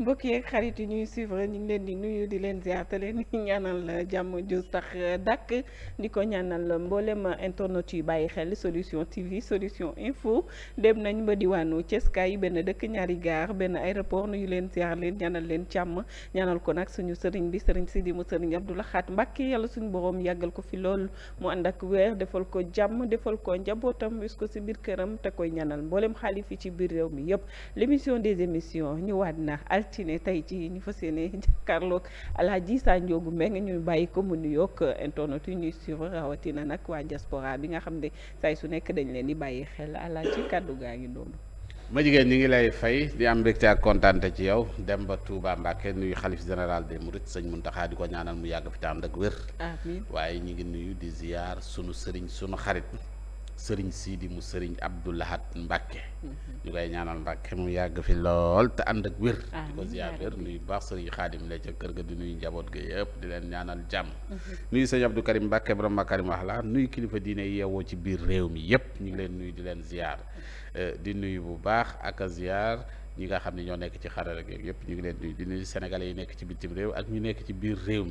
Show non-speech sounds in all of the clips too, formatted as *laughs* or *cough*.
mbokk yeeg xarit yi ñuy suivre ñu ngi leen di nuyu di leen ziar te leen di ñaanal jàmm ju sax dàkk ni ko ñaanal mbooleem internet yu bàyyi xel solution TV solution info dem nañ ba diwaanu Thiès yi benn dëkk ñaari gaar benn aéroport nuyu leen ziar leen ñaanal leen càmm ñaanal ko nag suñu sëriñ bi sëriñ Sidi mu sëriñ la Lahat Mbàkke yàlla suñu borom yàggal ko fi lool mu ànd ak weer defal ko jàmm defal ko njabootam wis ko si biir këram te koy ñaanal mbooleem xaalif yi ci biir réew mi yëpp l'émission ne tey ci ñu fa fas yéene jàkkaarloog Alaaji Issa Ndiogou nga ñu bàyyi ko nu yokk internet yi ñuy suivre rawatina nag waa diaspora bi nga xam ne saay su nekk dañ leen di bàyyi xel Alaaji kàddu gaa ngi noonu. ma jigéen ñi ngi lay fay di am mbégte ak kontaante ci yow dem ba Touba Mbacke nuyu xalif général des Mourides sëñ Muntaxa di ko ñaanal mu yàgg fi te ànd ak wér. waaye ñu ngi nuyu di ziar sunu sëriñ sunu xarit. sëriñ Sidi mu sëriñ Abdou Lahad Mbacke. Mhm. ñu koy ñaanal Mbacke mu yàgg fi lool te ànd ak wér. di ko ziyaar nuyu baax sëriñ Xaadim la ca kër ga di nuyu njaboot ga yëpp di leen ñaanal jàmm. Mhm. nuyu sëñ Abdou Karim Mbacke borom Makarim wax la nuyu kilifa diine yeewoo ci biir réew mi yëpp ñu ngi leen nuyu di leen ziyaar mhm. eh, di nuyu bu baax ak a ziyaar. ñi nga xam ne ñoo nekk ci xarala gi yëpp ñu ngi leen di nuyu sénégalais yi nekk ci bitim réew ak ñu nekk ci biir réew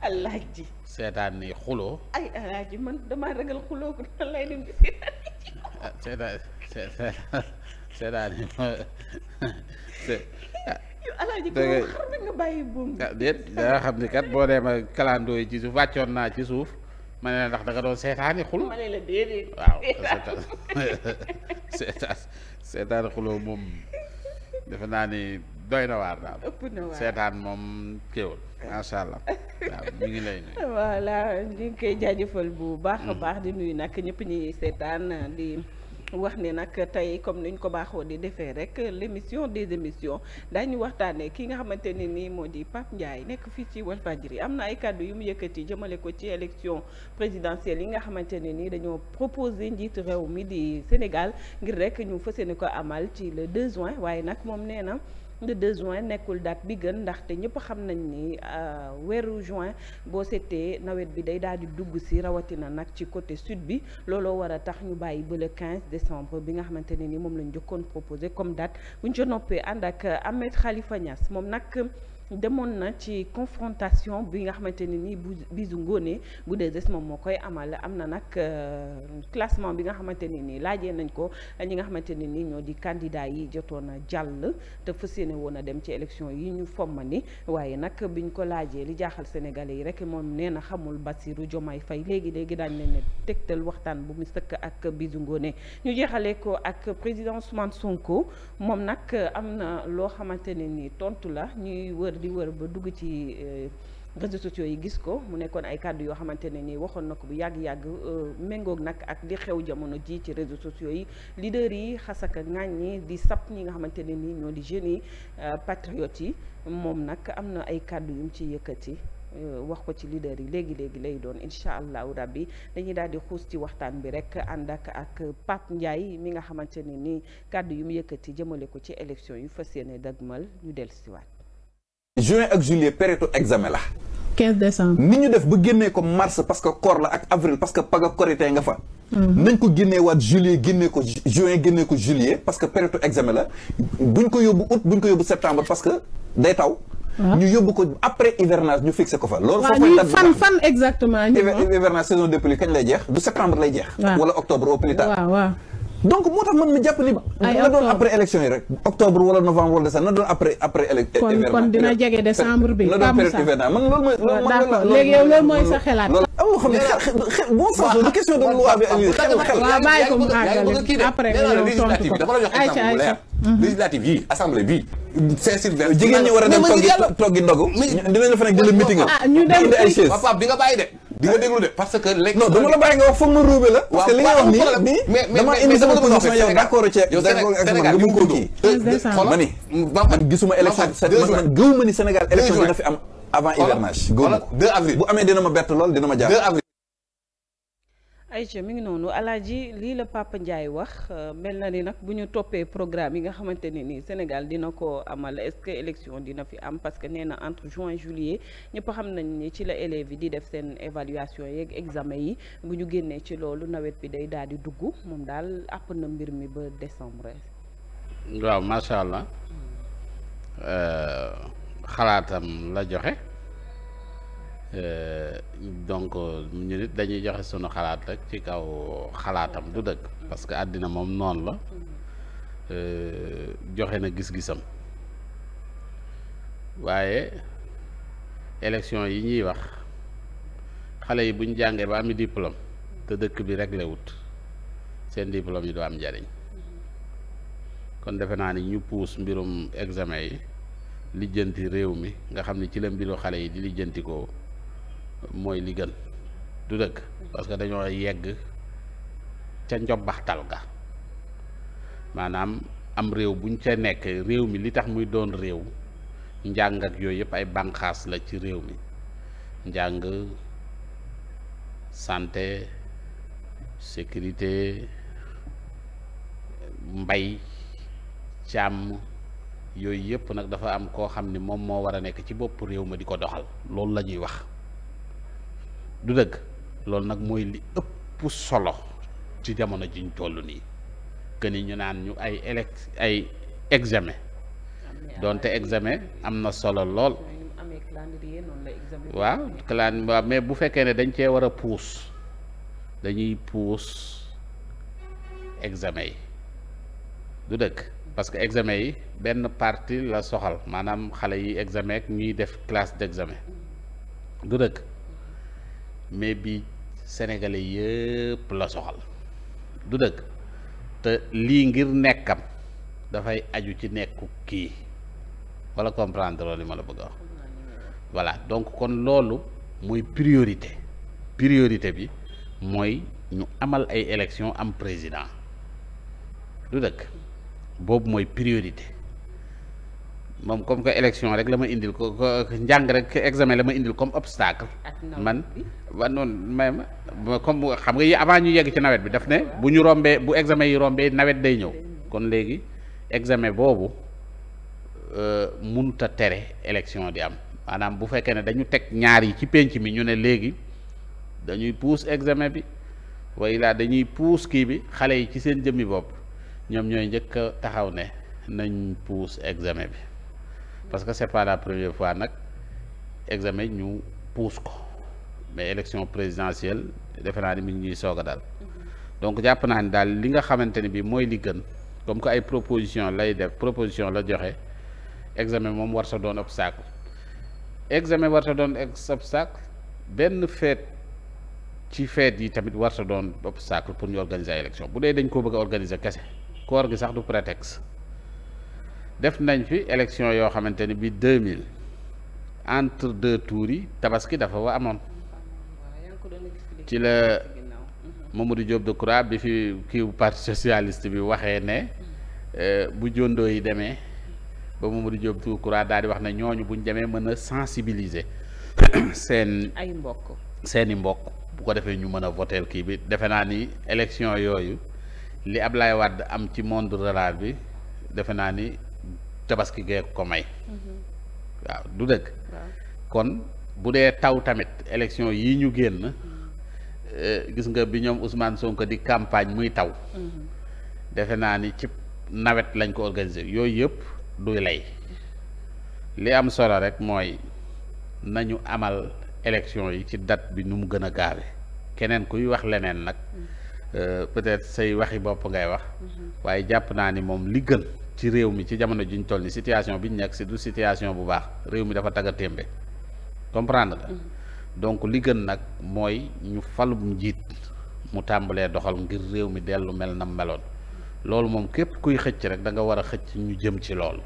alaaji seetaan ni xuloo ay alaaji man damaa ragal xuloo ko dama *laughs* lay dem bi seetaan ni xam nga kat boo demee kalandoo ci suuf wàccoon naa ci suuf ma ndax da nga *laughs* seetaan seetaan xuloo moom defe naa ni doy na waar daal ëpp na waar seetaan moom kéwul eh. macha allah waaw ñu ngi koy jaajëfal bu baax a baax di nuyu nag ñëpp ñuy seetaan di. wax ne nag tey comme ni ñu ko baaxoo di defee rek l' émission des émissions daañu waxtaanee ki nga xamante ne nii moo di Pape Ndiaye nekk fii ci Walfadjri am na ay kàddu yu mu yëkkati jëmale ko ci élection présidentielle yi nga xamante ne nii dañoo proposé njiitu réew mi di Sénégal ngir rek ñu fas yéene ko amal ci le 2 juin waaye nag moom nee na. le 2 juin nekkul date bi gën ndaxte ñëpp xam nañ ni euh, weeru juin boo seetee nawet bi day daal di dugg si rawatina nag ci côté sud bi looloo war a tax ñu bàyyi ba le 15 décembre bi nga xamante ne ni moom lañ jëkkoon proposé comme date buñ ca noppee ànd ak Ahmed Khalifa Niass moom nag. demoon na ci confrontation bi nga xamante ne nii bu bisu ngóone bu des moom moo koy amal am na nag euh, classement bi nga xamante ne nii laajee nañ ko ñi nga xamante ne nii ñoo di candidat yi jotoon a jàll te fas yéene woon a dem ci élection yi ñu ni waaye nag biñ ko laajee li jaaxal Sénégalais yi rek moom nee na xamul Bassirou Diomaye fay léegi léegi daañ leen ne tegtal waxtaan bu mu sëkk ak bisu ngóone ñu jeexalee ko ak président Ousmane Sonko moom nag am na loo xamante ne nii tontu la ñuy di wër ba dugg ci euh, réseaux sociaux yi gis ko mu nekkoon ay kàddu yoo xamante ne ni waxoon na ko bu yàgg-yàgg euh, méngoog nag ak di xew jamono ji ci réseaux sociaux yi leader yi xasaka ngaañ ñi di sap ñi nga xamante ne ni ñoo di jeunes yi euh, patriotes yi moom nag am na ay kàddu yu mu ci yëkkati wax ko ci lider yi léegi léegi lay doon incha allahu rabbi dañu daal di xuus ci waxtaan bi rek ànd ak ak Pape Ndiaye mi nga xamante ne ni kàddu yu mu yëkkati jëmale ko ci élection yu fas yéene dagmal ñu dellusiwaat. juin ak juillet période examen la. 15 décembre ni ñu def ba génnee ko mars parce que koor la ak avril parce que paga korité nga fa. Mhm. nañ ko génnee waat juillet génnee ko juin génnee ko juillet parce que période examen la buñ ko yóbbu août buñ ko yóbbu septembre parce que day taw. Ah. ñu yóbbu ko après hivernage ñu fixé ko fa. loolu foofu fan fan exactement. hivernage saison de pluie kañ lay jeex. du septembre lay jeex. wala octobre au plus tard. donc moo tax man ma jàpp ni. na doon après élection yi rek. octobre wala novembre wala décembre na doon après après. hivernage kon kon dina jege décembre bi. na doon période hivernage man loolu mooy. Ah, d'accord mooy sa xelaat. am nga xam xel xel boo fasoo du question de loi xel après bi. Mhm. a ah, nga bàyyi de. di nga déglu de parce que léegi non dama la bàyyi nga wax foog ma ruube la parce que li nga wax nii nii dama indi sama position yow d'accord ci yow nga mën ko kii ma ni man gisuma dina fi am avant hivernage gëwuma bu amee dina ma bett lool dina ma jaar ay Aïcha mi ngi noonu alaaji lii la Papa Ndiaye wax euh, mel na ni nag bu ñu toppee programme yi nga xamante ne nii Sénégal dina ko amal est-ce dina fi am parce que nee na entre juin juillet ñëpp xam nañ ni ci la élèves yi di def seen évaluation yeeg examen yi bu ñu génnee ci loolu nawet bi day daal di dugg moom daal àpp na mbir mi ba décembre. waaw macha allah euh, xalaatam la joxe. Euh, donc ñu nit dañuy joxe sunu xalaat rek ci kaw xalaatam du dëkk parce que àddina moom noonu la euh, joxe na gis-gisam waaye élection yi ñuy wax xale yi bu jàngee ba ami diplôme te dëkk bi réglé wut seen diplôme yi du am njariñ kon defe naa ni ñu puus mbirum examen yi lijjanti réew mi nga xam ne ci la mbiru xale yi di lijjanti ko mooy li gën du dëgg parce que dañoo yegg ca njobbaxtal ga maanaam am réew bu ñu ca nekk réew mi li tax muy doon réew njàng ak yooyu yëpp ay banqaas la ci réew mi njàng sante sécurité mbay càmm yooyu yëpp nag dafa am koo xam ni moom moo war a nekk ci bopp réew ma di ko doxal loolu la ñuy wax du dëgg loolu nag mooy li ëpp solo ci jamono jiñ toll nii que ni ñu naan ñu ay élec ay examen donte examen am na solo lool waaw clan waaw mais bu fekkee ne dañ cee war a puus dañuy puus examen yi du dëkk parce que examen yi benn partie la soxal maanaam xale yi examen ak ñuy def classe d'examen du dëkk mais bi sénégalais yëpp la soxal du dëkk te lii ngir nekkam dafay aju ci nekku kii wala comprendre li ma la bëgg wax voilà donc kon loolu mooy priorité priorité bi mooy ñu amal ay élection am président du dëkk boobu mooy priorité moom comme que élection rek la ma indil ko njàng rek examen la ma indil comme obstacle man waaw noonu même comme xam nga yi avant ñu yegg ci nawet bi daf ne bu ñu rombee bu examen yi rombee nawet day ñëw kon léegi examen boobu euh, mënut a tere élection di am maanaam bu fekkee ne dañu teg ñaar yi ci pénc mi ñu ne léegi dañuy puus examen bi way laa dañuy puus kii bi xale yi ci seen jëmmi bopp ñoom ñooy njëkk a taxaw ne nañ puus examen bi parce que c'est pas la première fois nag examen ñu puus ko mais élection présidentielle defe naa ni mi ngi ñuy soog a daal donc jàpp naa ne daal li nga xamante ni bi mooy li gën comme que ay proposition lay def proposition la joxe examen moom war sa doon obstacle examen war sa doon obstacle benn feet ci feet yi tamit war sa doon obstacle pour ñu organiser ay élection bu dee dañ koo bëgg a kese koor gi sax du prétexte def nañ fi élection yoo xamante ni bi 2000 entre deux tours yi tabaski dafa amoon ci la mhm. Mamadou Diop Decroix bi fi kii parti socialist bi waxee ne euh, bu jondoo yi demee ba Mamadou Diop Decroix daal di wax ne ñooñu buñ demee mën a sensibiliser *coughs* seen ay mbokk seeni mbokk bu ko defee ñu mën a voter kii bi defe naa ni élection yooyu li Ablaye Wade am ci monde rural bi defe naa ni tabaski gee ko may mhm. waaw du dëgg kon bu dee taw tamit élection yi ñu génn mhm. Eh, gis nga bi ñoom Ousmane Sonko di campagne muy taw. Mm-hmm. defe naa ni ci nawet lañ ko organiser yooyu yëpp du lay li am solo rek mooy nañu amal élection yi ci dat bi nu mu gën a gaawe keneen kuy wax leneen nag mm-hmm. eh, peut-être say waxi bopp ngay wax mm-hmm. waaye jàpp naa ni moom li gën ci réew mi ci jamono juñ toll ni situation bi ñu nekk si du situation bu baax réew mi dafa tagga témbe comprendre donc li gën nag mooy ñu falum njiit mu tàmbalee doxal ngir réew mi dellu mel na meloon loolu moom képp kuy xëcc rek da nga war a xëcc ñu jëm ci lool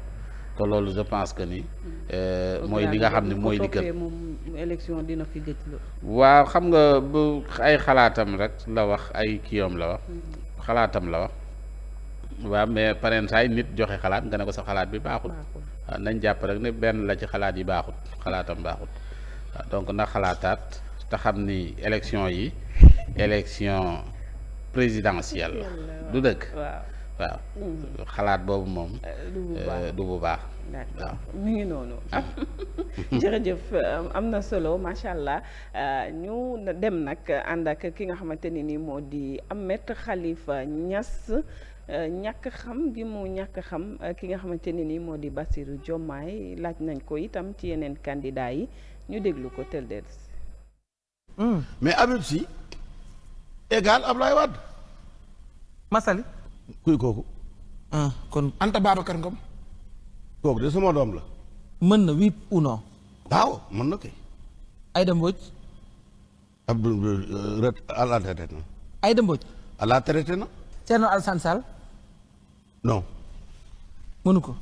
te loolu je pense que ni. Hmm. Euh, mooy li nga xam ne mooy li gën élection dina fi gëj la. xam nga bu ay xalaatam rek la wax ay kiyom la wax. Hmm. xalaatam la wax. waaw mais parents ay nit joxe xalaat nga ne ko sa xalaat bi baaxul. Ah, nañ jàpp rek ne benn la ci xalaat yi baaxul xalaatam baaxul. Ah, donc ndax xalaataat te xam ni élection yi élection présidentielle la du dëkk waaw xalaat boobu moom euh, euh, du bu baax d'accord mi ngi noonu ah. *laughs* jërëjëf euh, am na solo macha allah ñu dem nag ànd ak ki nga xamante ni nii moo di Ahmed xalifa Niass ñàkk xam gi mu ñàkk xam ki nga xamante ne ni moo di Bassirou Diomaye laaj nañ ko itam ci yeneen kandidaa yi ñu déglu ko tel dellusi. Hmm. mais Habib Sy égal Ablaye Wade. Masali. kuy kooku. ah kon Anta Babacar Ngom. de suma doom la. mën na oui ou non. waaw mën na kay. Aïda Mbodj. Abdou euh, ret à na. Aïda Mbodj. à la traité na. Thierno Alassane Sall. non. mënu ko.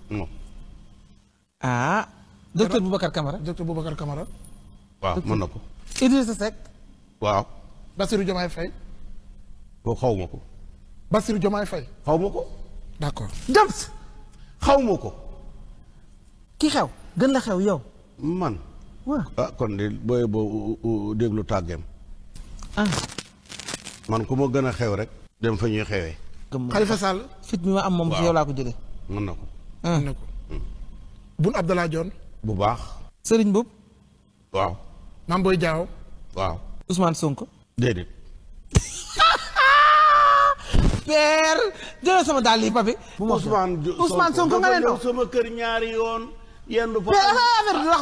Ah. docteur Boubacar Camara. docteur Boubacar Camara. waaw mën na ko. Idrissa Seck. waaw. Bassirou Diomaye Faye. boo xaw ma ko. Bassirou Diomaye Faye. xaw ma ko. d' accord xaw ma ko. ki xew gën la xew yow. man. waaw ah kon de booy boo déglu tàggeem. Ah. man ku ma gën a xew rek. dem fa ñuy xewee. Khalifa Sall. fit mi ma am moom ci yow laa ko jëlee. mën na ko. Ah. mën Abdallah Dionne. bu baax. Serigne Boub. waaw. Mame Boye Diao. waaw. Ousmane Sonko. déedéet. *laughs* père jëlal sama daal lii papi. Ousmane Ousmane Sonko nga leen doon sama kër ñaari yoon. yenn fois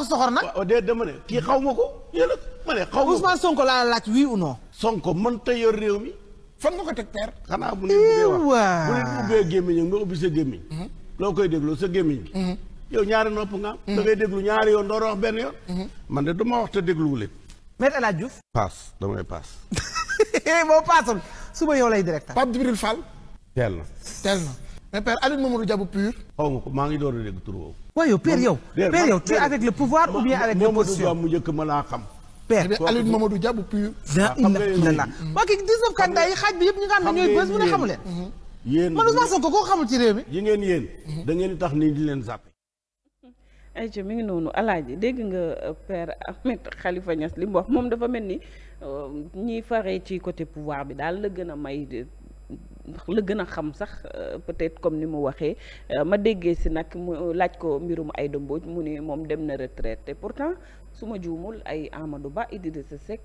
soxor nag. waaw déedéet dama ne kii xaw ma ko yéen xaw ma ko Ousmane Sonko laa laaj oui ou Sonko mënta yor réew mi. fan nga ko teg père. xanaa bu nit ubbee wax ubbee gémmiñ nga ubbi sa gémmiñ. Mhm. loo koy dégloo sa gémmiñ. yow ñaari nopp nga am. Mm-hmm. da ngay déglu ñaari yoon doo wax benn yoon. Mm-hmm. man de duma wax te dégluwu leen. Maître El Hadj Diouf. paas damay paas. *laughs* boo paasoon suba yow lay direct. Pape Djibril Fall. teel na teel na. mais père Aliou Mamadou Diabou pur. xaw ma ko maa ngi door a dégg tur woowu. waaw yow père yow. père avec le pouvoir ou bien avec l'opposition. Mamadou mu njëkk ma laa xam. père Aliou Mamadou Diabou pur. daa ah, inna illallah. waa kii 19 candidat yi xaaj bi yëpp ñu nga xam ne ñooy bés bu ayca mi ngi noonu yi dégg nga euh, père Ahmed Khalifa Niass li mu wax moom dafa mel ni euh, ñiy fare ci côté pouvoir bi daal la gën a may ndax la gën a xam sax euh, peut-être comme ni mu waxee ma déggee si nag mu laaj ko mbirum ay dëmbooj mu ne moom dem na retraite te pourtant su ma juumul ay Amadou Ba Idrissa Seck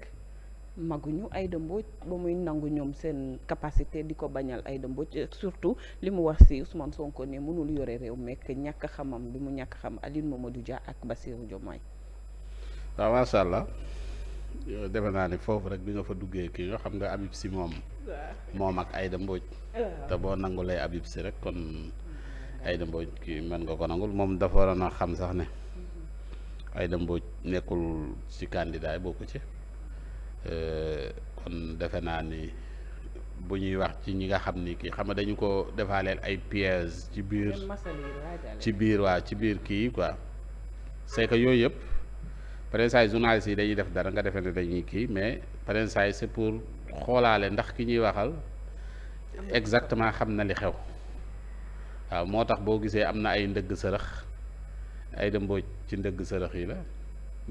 maguñu Aïda Mbodj ba muy nangu ñoom seen capacité di ko bañal Aïda Mbodj euh, surtout li mu wax ci Ousmane Sonko ne mënul yore réew mekk ñàkk xamam bi mu ñàkk xam Aline Mamadou Dia ak Bassirou Diomaye waaw macha naa ne foofu rek bi nga fa duggee kii nga xam nga Habib Sy moom moom ak Aïda Mbodj te boo nangulee Habib Sy rek kon Aïda Mbodj kii mën nga ko nangul moom dafa waroon a xam sax ne mm-hmm. Aïda Mbodj nekkul ci candidat yi bokku ci Eh, kon defe naa ni bu ñuy wax ci ñi nga xam ni kii xam nga dañu ko defaaleel ay pièges ci biir ci biir waa ci biir kii quoi c'est que yooyu yëpp parrainage journalistes yi dañuy def dara nga defee ne dañuy kii mais parrainage c'est pour xoolaale ndax ki ñuy waxal exactement xam na li xew waaw moo tax boo gisee am na ay ndëgg sërëx ay dëmboo ci ndëgg sërëx yi la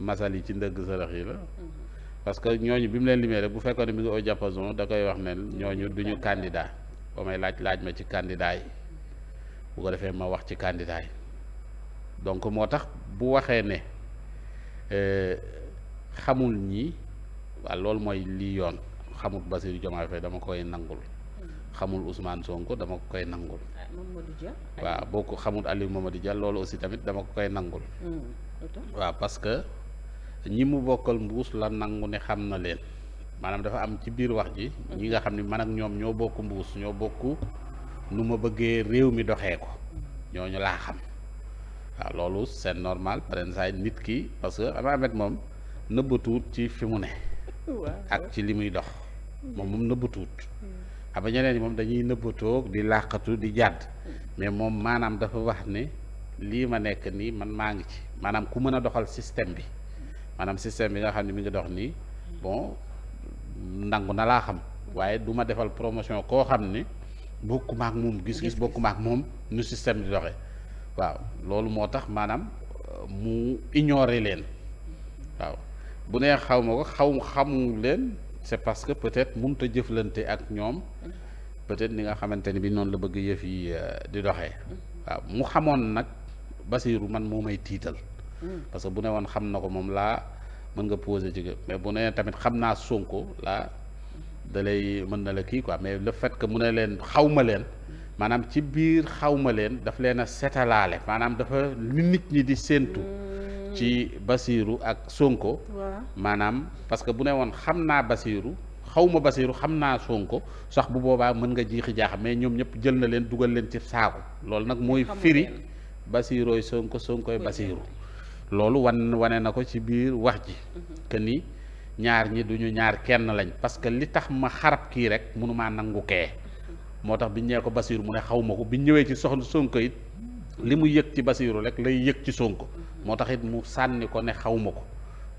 masal yi ci ndëgg sërëx yi la mhm. parce que ñooñu bi mu leen limee rek bu fekkoon ne mi ngi au da koy wax ne ñooñu duñu candidat ba may laaj laaj ma ci candidat yi bu ko defee ma wax ci candidat yi donc moo tax bu waxee ne euh, xamul ñi waaw loolu mooy lii yoon xamut Bassirou Diomaye dama koy nangul xamul Ousmane Sonko dama ko koy nangul ah, waaw boo ko xamul Aliou Mamadou Dia loolu aussi tamit dama ko koy nangul hmm, waaw parce ñi mu bokkal mbuus la nangu ne xam na leen maanaam dafa am ci biir wax ji ñi nga xam ne man ak ñoom ñoo bokk mbuus ñoo bokk nu ma bëggee réew mi doxee ko ñooñu laa xam waaw loolu seen normal paren saay nit ki parce que ama amet moom nëbbatuut ci fi mu ne ak ci li muy dox moom moom nëbbatuut hmm. xam nga ñeneen moom dañuy nëbbatoog di làqatu di jàdd hmm. mais moom maanaam dafa wax ne lii ma nekk nii man maa ngi ci maanaam ku mën a doxal système bi maanaam système bi nga xam ne mi ngi dox nii bon nangu na laa xam waaye du ma defal promotion koo xam ni bokkuma ak moom gis-gis bokkuma ak moom nu système di doxe waaw loolu moo tax maanaam euh, mu ignorer leen waaw bu nee xaw ma ko xaw xamu leen c'est parce que peut-être mënut a jëflante ak ñoom peut-être ni nga xamante ni bi noonu la bëgg yëf yi euh, di doxee waaw mu xamoon nag Basiiru man moo may tiital parce que bu ne woon xam na ko moom laa mën nga poser ci mais bu ne tamit xam naa Sonko laa da mën na la kii quoi mais le fait que mu ne leen xaw ma leen maanaam ci biir xaw ma leen daf leen a setalaale maanaam dafa lu nit ñi di séentu ci Basiru ak Sonko. maanaam parce que bu ne woon xam naa Basiru xaw ma Basiru xam naa Sonko sax bu boobaa mën nga jiixi jaax mais ñoom ñëpp jël na leen dugal leen ci saako loolu nag mooy firi Basirooy Sonko Sonkooy loolu wan wane na ko ci biir wax ji mhm. que ni ñaar ñi duñu ñaar kenn lañ parce que li tax ma xarab kii rek mënumaa nangu kee mhm. moo tax biñ ñee ko Basiir mu ne xaw ma ko biñ ñëwee ci soxna Sonko it li mu yëg ci Basiiru rek lay yëg ci Sonko mhm. moo tax it mu sànni ko ne xaw ko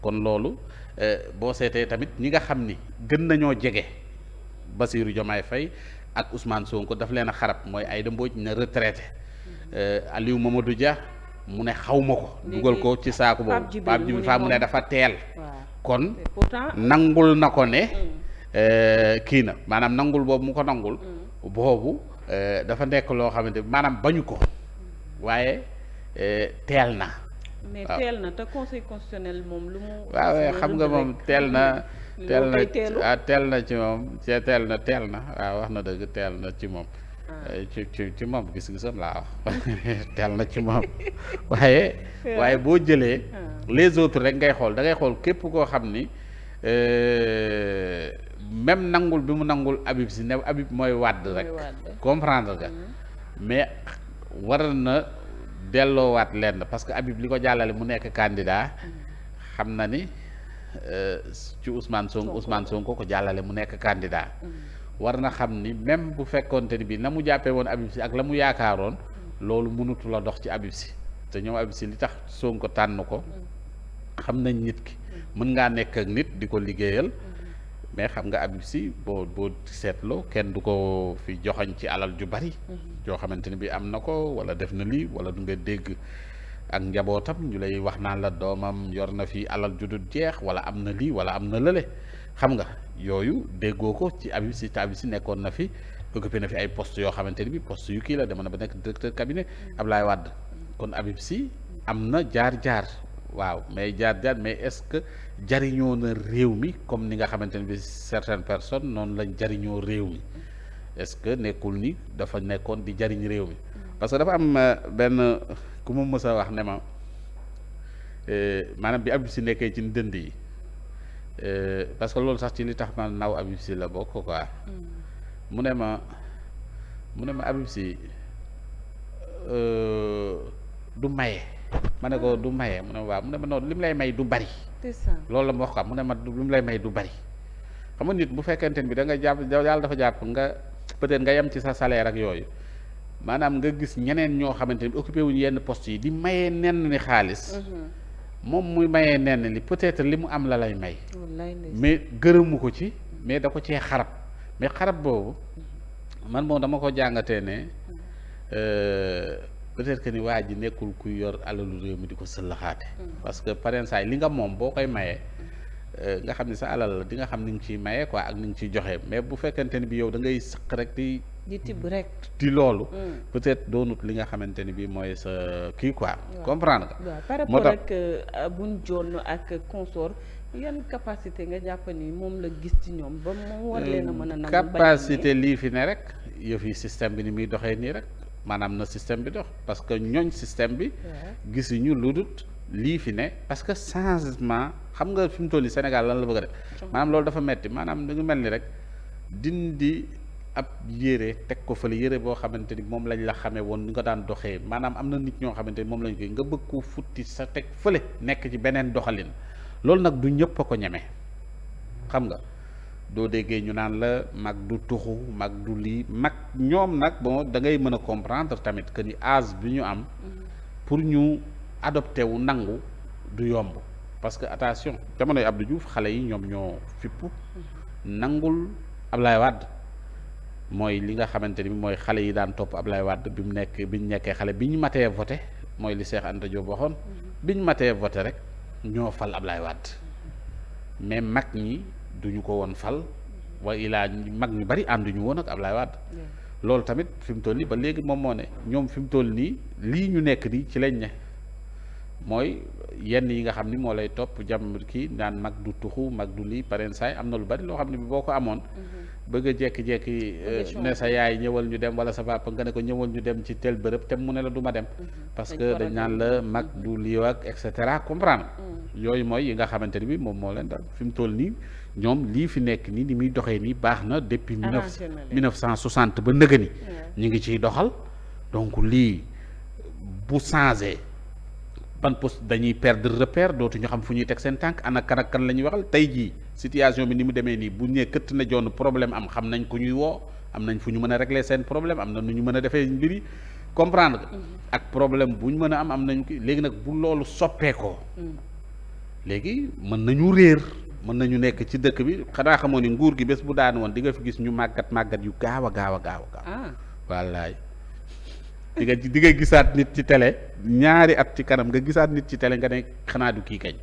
kon loolu euh, boo seetee tamit ñi nga xam ni gën nañoo jege Basiiru Jomaay Fay ak Ousmane Sonko daf leen xarab mooy Aïda Mbodj na retraité euh, Aliou du Dia mu ne xaw ma ko dugal ko ci saako boobu Pape Djibril Fall mu ne dafa teel kon nangul na ko ne mm. euh, kii na maanaam nangul boobu mu ko nangul mm. boobu euh, dafa nekk loo xamante maanaam bañu ko waaye euh, teel na mais teel na te conseil constitutionnel moom lu mu waaw xam nga moom ah, teel na teel na teel na ci moom teel na teel na waaw wax na dëgg teel na ci moom ci ci ci moom gis-gisam laa wax teel na ci moom waaye. waaye boo jëlee. les autres rek ngay xool da ngay xool képp koo xam ni même nangul bi mu nangul Habib si ne Habib mooy wàdd rek. comprendre nga mais war na delloowaat lenn parce que Habib li ko jàllale mu nekk candidat xam na ni euh, ci Ousmane Sonko Ousmane Sonko ko jàllale mu nekk candidat. war na xam ni même bu fekkonte ni bii na mu jàppee woon Habib si ak la mu yaakaaroon loolu mënutu la dox ci Habib Sy te ñoom Habib Sy li tax ko tànn ko xam nañ nit ki mën ngaa nekk ak nit di ko liggéeyal mais xam nga Habib Sy boo boo seetloo kenn du ko fi joxañ ci alal ju bari joo xamante ni bii am na ko wala def na lii wala du nga dégg ak njabootam ñu lay wax naan la doomam yor na fi alal ju dul jeex wala am na lii wala am na lële xam nga yooyu déggoo ko ci Habib si te Habib Sy nekkoon na fi occupé na fi ay postes yoo xamante ni bi poste yu kii la deman na ba nekk directeur ab Ablaye wàdd kon Habib si am na jaar-jaar waaw mais jaar-jaar mais est-ce que jariñoo na réew mi comme ni nga xamante ni bi certaines personnes noonu lañ jariñoo réew mi est-ce que nekkul ni dafa nekkoon di jariñ réew mi parce que dafa am euh, benn ku ma mës wax ne ma euh, maanaam bi Habib si nekkee ci ndënd yi Eh, parce que loolu sax ci li tax ma naw Habib la bokk quoi. Mm. mu ne ma mu ne ma Habib euh, du maye. ma ne ko ah. du maye mu ne ma waaw mu ne ma noonu li mu lay may du bari. loolu la ma wax quoi mu ne ma li mu lay may du bari. xam nga nit bu fekkente ni bi da jàpp jàpp yàlla dafa jàpp nga peut-être nga yem ci sa salaire ak yooyu maanaam nga gis ñeneen ñoo xamante ni occupé wuñu yenn post yi di maye nenn ni xaalis. Mm-hmm. moom muy mayee nenn li peut-être li mu am la lay may mais gërëmu ko ci mais da ko cee xarab mais xarab boobu man moom dama ko jàngatee ne mm-hmm. euh, peut-être que ni waa ji nekkul kuy yor alalu réew mi di ko sëllaxaate mm-hmm. parce que parensaay li nga moom boo koy mayee mm-hmm. euh, nga xam ni sa alal la di nga xam ni nga ciy mayee ko ak ni nga ciy joxe mais bu fekkente ni bi yow da ngay sëq rek di di tibb mm. rek. di loolu. Mm. peut-être doonut li nga xamante ni bii mooy sa kii quoi. comprendre nga. moo tax par rapport ak euh, buñ joon ak consort yan capacité nga jàpp moom la gis ci ñoom ba mu war leen a mën a. capacité lii fi rek yëf yi système bi ni muy doxee nii rek maanaam na système bi dox parce que ñooñ système bi. gisuñu lu dul lii fi ne parce que changement xam nga fi mu toll nii Sénégal lan la bëgg a maanaam loolu dafa metti maanaam da nga mel ni rek dindi. ab yére teg ko fële yére boo xamante ni moom lañ la xamee woon ni nga daan doxee maanaam am na nit ñoo xamante ni moom lañ koy nga bëgg ko futti sa teg fële nekk ci beneen doxalin loolu nag du ñëpp a ko ñeme xam nga doo déggee ñu naan la mag du tuxu mag du lii mag ñoom nag bon da ngay mën a comprendre tamit que ni âge bi ñu am mm-hmm. pour ñu adopté wu nangu du yomb parce que attention jamonoy Abdou Diouf xale yi ñoom ñoo fipp mm-hmm. nangul Ablaye Wade mooy li nga xamante ni mooy xale yi daan topp Ablaye Wade bi mu nekk bi ñu nekkee xale bi ñu matee voté mooy li Cheikh Anta Diop waxoon mm-hmm. bi ñu matee voté rek ñoo fal Ablaye Wade mais mag ñi duñu ko woon fal wa ilaa mag ñu bari ànduñu woon ak Ablaye Wade loolu tamit fi mu toll nii ba léegi moom moo ne ñoom fi mu toll nii lii ñu nekk nii ci lañ ne mooy yenn yi nga xam ni moo lay topp jàmm kii naan mag du tuxu mag du lii pareen saay am na lu bari loo xam ne bi boo ko amoon mhm. bëgg a jekki-jekki euh, ne sa yaay ñëwal ñu dem wala sa papa nga ne ko ñëwal ñu dem ci tel bërëb te mu ne la du ma dem mhm. parce que dañ naan la mag du mhm. liiw ak et cetera comprendre yooyu mooy yi nga xamante ni bi moom moo leen dal fi mu toll nii ñoom lii fi nekk nii ni muy doxee nii baax na depuis mille neuf cent soixante ba nëgëni ñu ngi ciy doxal donc lii bu changé ban poste dañuy perdre repère dootu ñu xam fu ñuy teg seen tànk ana kan ak kan la ñuy tey jii situation bi ni mu demee nii bu ñee këtt na joon problème am xam nañ ku ñuy woo am nañ fu ñu mën a régler seen problème am na nu ñu mën a defee mbiri comprendre mm-hmm. ak problème bu ñu mën a am am nañu ki léegi nag bu loolu soppeekoo mm. léegi mën nañu réer mën nañu nekk ci dëkk bi xanaa xamoo ni nguur gi bés bu daan woon di nga fi gis ñu màggat màggat yu gaaw gaaw a gaaw a gaaw ah. wallaay di nga di nga gisaat nit ci télé ñaari at ci kanam nga gisaat nit ci tele nga ne xanaa du kii kañ.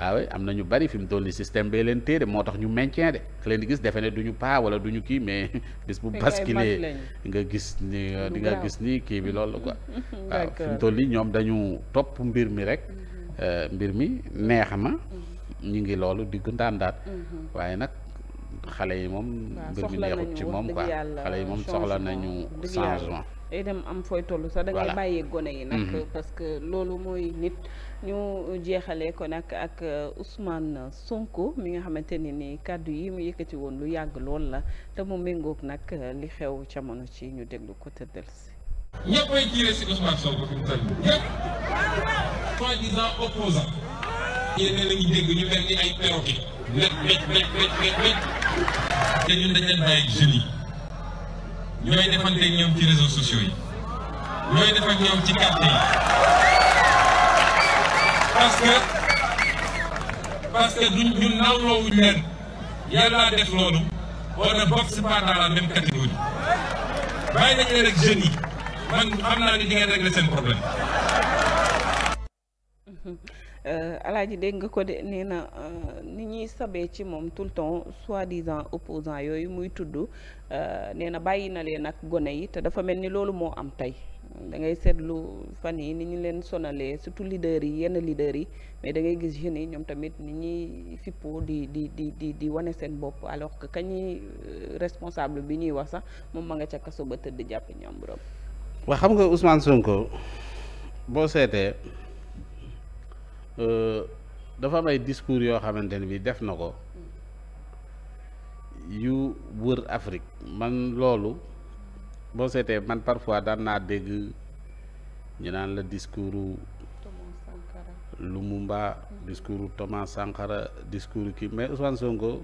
waaw ah am na ñu bari fi mu toll ni système bee leen téere moo tax ñu maintien de ka leen di gis defe ne du ñu paa wala duñu kii mais bis *laughs* bu basculé nga gis ni di nga gis ni kii bi loolu quoi *laughs* waaw fi mu toll ni ñoom dañu topp mbir mi rek mm-hmm. euh, mbir mi neex ma mm-hmm. ñu ngi loolu di gundaandaat mm-hmm. waaye nag xale yi moom mbir mi neexut ci moom quoi xale yi moom soxla nañu changement day dem am fooy toll sax da bàyyee gone yi nag mhm. parce que loolu mooy nit ñu jeexale ko nag ak euh, Ousmane Sonko mi nga xamante ne ni kàddu yi mu yëkkati woon lu yàgg lool la te mu méngook nag euh, li xew jamono ci ñu déglu ko te si te ñun dañ leen bàyyi jeunes parce que que duñ ñu nawloowuñ yàlla def loolu on ne boxe pas dans la bàyyi nañ leen rek jeunes man xam naa ni di ngeen seen problème. *laughs* Euh, alaaji dégg nga ko de nee na euh, ni ñuy sabee ci moom tout le temps soi-disant opposant yooyu muy tudd euh, nee na bàyyi na leen ak gone yi te dafa mel ni loolu moo am tey da ngay seetlu fan yi ni ñu leen sonalee surtout leader yi yenn leader yi mais da ngay gis jeunes yi ñoom tamit ni ñuy fippo di di di di di wane seen bopp alors que kañuy responsable bi ñuy wax sax moom ma nga ca kaso ba tëdd jàpp ñam borom. waa xam nga Ousmane Sonko boo seetee. Euh, dafa am ay discours yoo xamante ne bi def na ko yu wër Afrique man loolu boo seetee man parfois daan naa dégg ñu naan la discours Lumumba discours Thomas Sankara discours kii mais Ousmane Sonko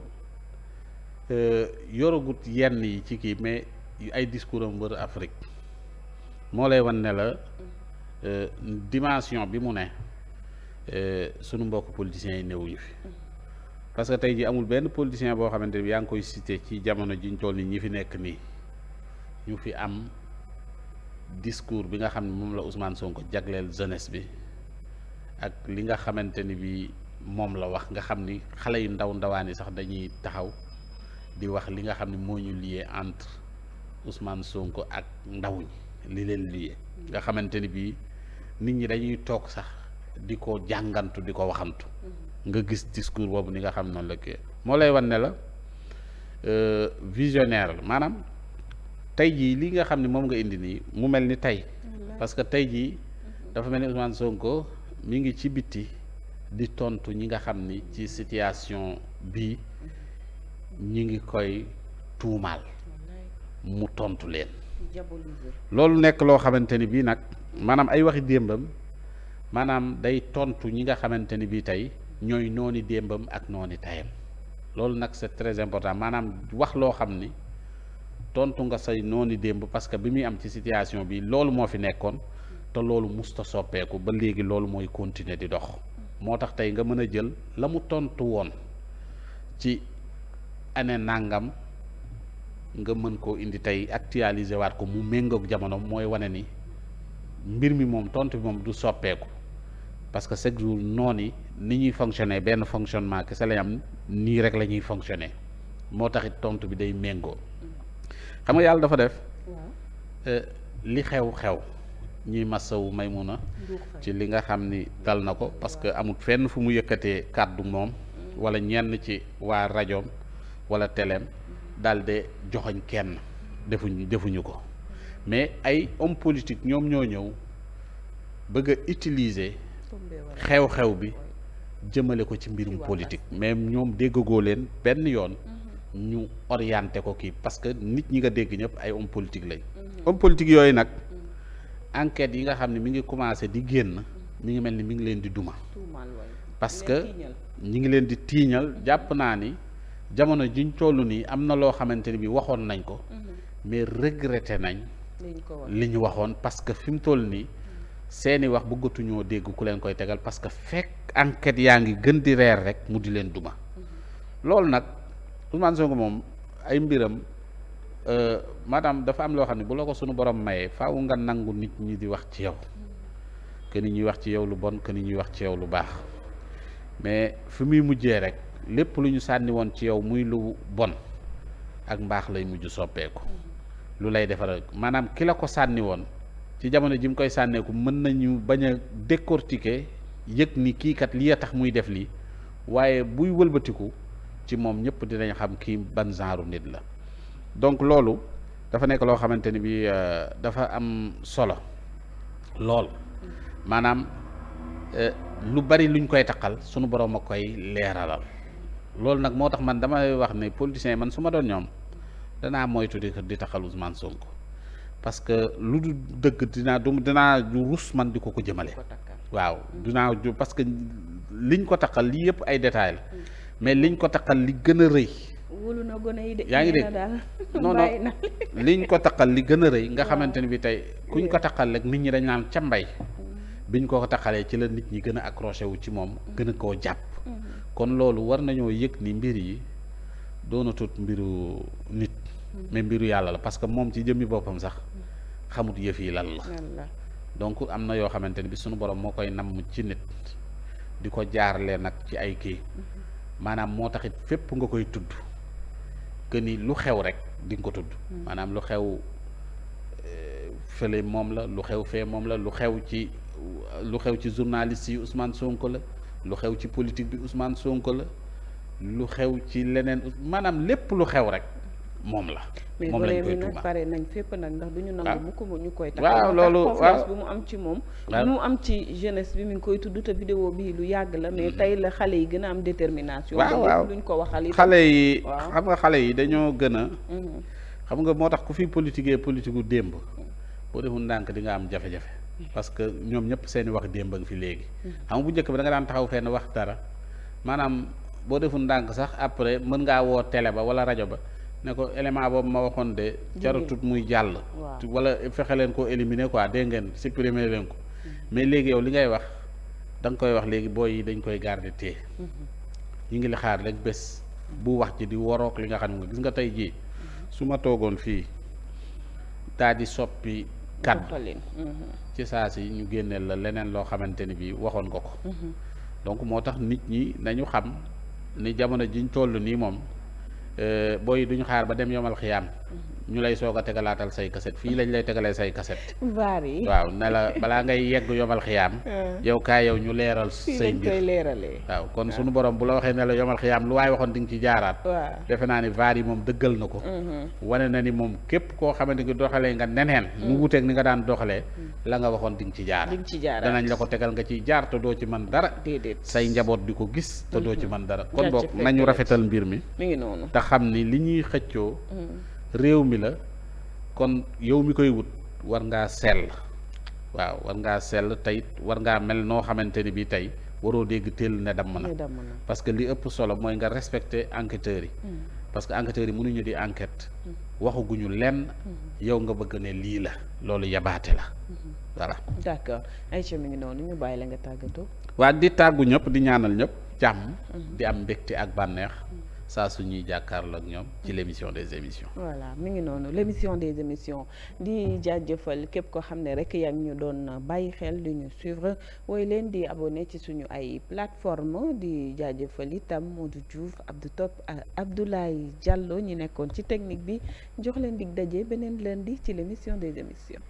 euh, yoragut yenn yi ci kii mais ay discours am wër Afrique moo lay wan ne la euh, dimension bi mu ne Euh, sunu mbokk politiciens yi newuñu fi parce que tey ji amul benn politicien boo xamante ni yaa ngi koy cité ci jamono jiñ toll ni ñi fi nekk nii ñu fi am discours bi nga xam moom la Ousmane Sonko jagleel jeunesse bi ak li nga xamante ni bi moom la wax nga xam ni xale yu ndaw ndawaan yi sax dañuy taxaw di wax li nga xam ne moo ñu lié entre Ousmane Sonko ak ndaw ñi li leen lié nga xamante ni bii nit ñi dañuy toog sax di ko jàngantu di ko waxantu nga gis discours boobu ni nga xam na la moo lay wan ne la euh, visionnaire la maanaam tey jii lii nga xam ne moom nga indi nii mu mel ni tey parce que tey jii mhm. dafa mel ni Ousmane Sonko mu ngi ci bitti di tontu ñi nga xam ni ci situation bi ñi ngi koy tuumaal mu tontu leen loolu nekk loo xamante ni bii nag maanaam ay waxi démbam maanaam day tontu ñi nga xamante ni bii tey ñooy nooni démbam ak nooni tayam loolu nag c'est très important maanaam wax loo xam ni tontu nga say nooni démb parce que bi muy am ci situation bi loolu moo fi nekkoon te loolu musta soppeeku ba léegi loolu mooy continuer di dox moo tax tey nga mën a jël la mu tontu woon ci année nangam nga mën koo indi tey actualiser waat ko mu méngoog jamono mooy wane ni mbir mi moom tontu bi moom du soppeeku parce que chaque jour noon yi ni ñuy fonctionner benn fonctionnement kese la nii rek la ñuy fonctionner moo taxit tontu bi day méngoo xam nga yàlla dafa def. Euh, li xew xew ñi may massawu Maymuna ci li nga xam ni dal na ko parce que amul fenn fu mu yëkkatee kàddu moom mm. wala ñenn ci waa rajoom wala teleem mm. daal de joxoñ kenn defuñu defuñu ko mais ay homme politique ñoom ñoo ñëw bëgg a utiliser. xew-xew bi jëmale ko ci mbirum politique mais ñoom déggagoo leen benn yoon ñu orienté ko kii parce que nit ñi nga dégg ñëpp ay homme politique lañ homme politique yooyu nag enquête yi nga xam ne mi ngi commencé di génn mi ngi mel ni mi ngi leen di duma parce que ñi ngi leen di tiiñal jàpp naa ni jamono jiñ toll nii am na loo xamante ni bi waxoon nañ ko mhm. mais regretté nañ li ñu waxoon parce que fi mu toll nii seeni wax bëggatuñoo dégg ku leen koy tegal parce que fekk enquête yaa ngi gën di reer rek mu di leen duma loolu nag Ousmane ko moom ay mbiram euh, maanaam dafa am loo xam ne bu la ko suñu borom mayee faaw nga nangu nit ñi di wax ci yow kën ni ñuy wax ci yow lu bon que ni ñuy wax ci yow lu baax mais fi muy mujjee rek lépp lu ñu sànni woon ci yow muy lu bon ak mbaax lay mujj soppeeku lu lay defaral maanaam ki la ko sànni woon ci jamono ji mu koy sànneeku mën nañu bañ a décortiquer yëg ni kiikat li lii tax muy def lii waaye buy wëlbatiku ci moom ñëpp dinañ xam kii ban genre nit la donc loolu dafa nekk loo xamante ni bi euh, dafa am solo lool maanaam euh, lu bari luñ koy taqal sunu borom ak koy leeralal loolu nag moo tax man damay wax ne politiciens man su ma doon ñoom danaa moytu di di taqal Ousmane Sonko parce que lu du dëgg dinaa du dinaa ju man di ko ko jëmale waaw dinaa ju parce que liñ ko taqal lii yëpp ay détails la mais liñ ko taqal li gën a rëy wóolu yaa ngi dégg liñ ko taqal li gën a rëy nga xamante ni bi tey kuñ ko taqal rek nit ñi dañ naan ca mbay mm-hmm. biñ ko taqalee ci la nit ñi gën a accroché wu ci moom mm-hmm. gën a koo jàpp mm-hmm. kon loolu war nañoo yëg ni mbir yi doona doonatut mbiru nit mais mbiru yàlla la parce que moom ci jëmmi boppam sax xamut yëf yi lan la donc am na yoo xamante ni bi suñu borom moo koy namm ci nit di ko jaarle nag ci ay kii mm-hmm. maanaam moo taxit fépp nga koy tudd que ni lu xew rek di nga ko tudd mm-hmm. maanaam lu xew euh, fële moom la lu xew fee moom la lu xew ci lu xew ci journaliste yi Ousmane Sonko la lu xew ci politique bi Ousmane Sonko la lu xew ci leneen maanaam lépp lu xew rek moom la moom lañ koy tuuma pare nañ fépp nag ndax duñu nangu ah. mukk mu ñu koy tax waaw loolu waaw bi mu am ci moom bi ah. mu am ci jeunesse bi mi ngi koy tudd te vidéo bii lu yàgg la mais mm-hmm. tey la xale yi gën a am détermination waaw waaw luñ ko waxal xale yi xam nga xale yi dañoo gën a mm-hmm. xam nga moo tax ku fi politiquer politique u démb boo deful ndànk di nga am jafe-jafe parce que ñoom ñëpp seeni wax démb fi léegi mm-hmm. xam nga bu njëkk bi danga nga daan taxaw fenn wax dara maanaam boo deful ndànk sax après mën ngaa woo télé ba wala rajo ba ne ko élément boobu ma waxoon de jaratut muy jàll wala fexe leen koo éliminer ko dégg ngeen supprimer leen ko mm-hmm. mais léegi yow li ngay wax danga koy wax léegi booy yi dañ koy garder tee mm-hmm. ñu ngi li xaar rek bés bu wax ji di waroog li nga xam nga gis nga tey jii mm-hmm. su ma toogoon fii daal di soppi kaddu ci saa si ñu génneel la leneen loo xamante ni bi waxoon nga ko donc moo tax nit ñi nañu xam ni jamono jiñ toll nii moom Euh, booy duñu xaar ba dem yomal xiyaam ñu lay soog a tegalaatal say kaset fii lañ lay tegalee say kaset bari waaw ne la balaa ngay yegg yomal xiyaam *laughs* ah. yow kaay yow ñu leeral say mbir kon ah. sunu borom bu la waxee ne la yomal xiyaam lu waaye waxoon di nga ci jaaraat defe naa ni vaar yi moom dëggal na ko mhm. wane na ni moom képp koo xamante ni doxalee nga neneen mu mm. wuteeg ni nga daan doxalee mm. la nga waxoon di nga ci jaaraat danañ la ko tegal nga ciy jaar doo ci mën dara say njaboot di ko gis te doo ci mm-hmm. mën dara kon boog nañu rafetal mbir mi te xam ni li ñuy xëccoo mm. réew mi la kon yow mi koy wut war ngaa sell waaw war ngaa sell tey war ngaa mel noo xamante ni bii tey waroo dégg téel ne damm na parce que li ëpp solo mooy nga respecter enquêteurs yi mm. parce que enquêteurs yi mënuñu di enquête mm. ñu lenn mm-hmm. yow nga bëgg ne lii la loolu yabaate la mm-hmm. voilà d'accord mi ngi noonu ñu bàyyi nga tàggatoo waa di tàggu ñëpp di ñaanal ñëpp jàmm mm-hmm. di am mbégte ak bànneex saa suñuy ñuy jàkkaarloo ñoom ci l' émission des émissions. voilà mi ngi noonu l' émission des émissions di jaajëfal képp ko xam ne rek yaa ngi ñu doon bàyyi xel di ñu suivre wooy leen di abonné ci suñu ay plateforme di jaajëfal itam Modou Diouf Abdou Top Abdoulaye Diallo ñi nekkoon ci technique bi jox leen dig daje beneen leen di ci l' émission des émissions.